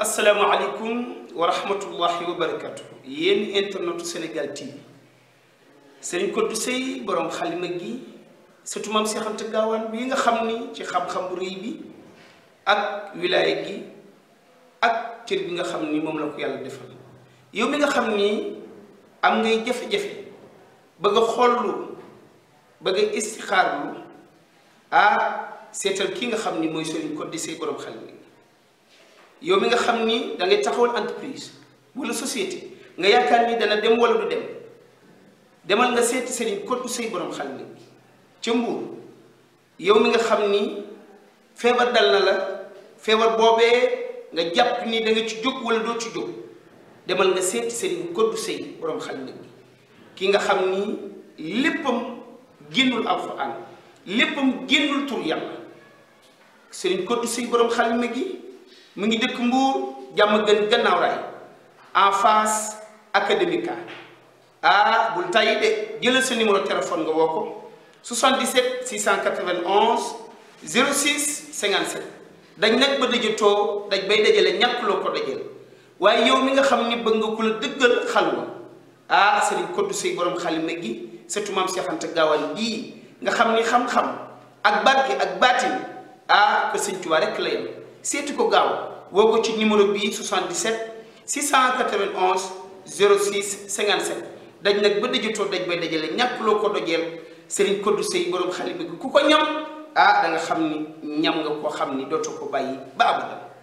asalaamaaleykum wa rahmatullahi wa barakatu yéen internetu Sénégal TV Serigne Codou Seye borom xalima gi surtout maam Cheikh Anta Gaawaan bi nga xam ni ci xam-xam bu rëy bi ak wilaaya gi ak cër bi nga xam ni moom la ko yàlla defal yow bi nga xam ni am ngay jafe-jafe bëgg a xollu bëgg a istixaarlu ah seetal ki nga xam ni mooy Serigne Codou Seye borom xalima gi yow mi nga xam ni da ngay entreprise wala société nga yaakaar ni dana dem wala du dem demal nga seeti sëriñ kotu say borom xel gi ca mbuur yow mi nga xam ni feebar dal la feebar boobee nga jàpp ni ci jóg wala doo ci jóg demal nga seeti sëriñ kotu say borom xel ni nga xam ni léppam génnul alxuraan léppam génnul tur yàlla sëriñ kotu say borom xel gi. mu ngi dëkk mbuur jàmm gën gannaaw ray en face académica ah bul tay de jël sa numéro téléphone nga woo ko 77 691 06 57 dañ nag ba dajatoo daj bay dajale ñàkk loo ko dajal waaye yow mi nga xam ni bëgg nga ko la dëggal wa ah sëriñ koddu say borom xalima gi surtout maam Cheikh Anta Gaawaan bii nga xam ni xam-xam ak barki ak baatin ah ko sëñ tuwa rek la yem seeti ko gaaw woo ko ci numéro bii 77 691 06 57 daj nag ba dajatoo daj ba dajale ñàkk loo ko dojeel Serigne Kodou Seye borom xale bi ku ko ñam ah da nga xam ni ñam nga koo xam ni dootoo ko bàyyi ba abadan